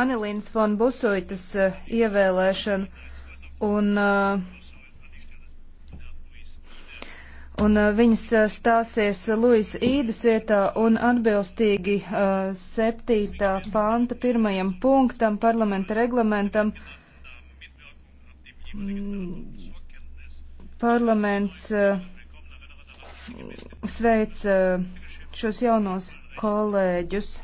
Anelīnas von Busoitas eh, ievēlēšanu un, eh, un eh, viņas stāsies Luisa Īdas vietā un atbilstīgi 7. panta pirmajam punktam parlamenta reglamentam mm, parlaments sveic šos jaunos kolēģus.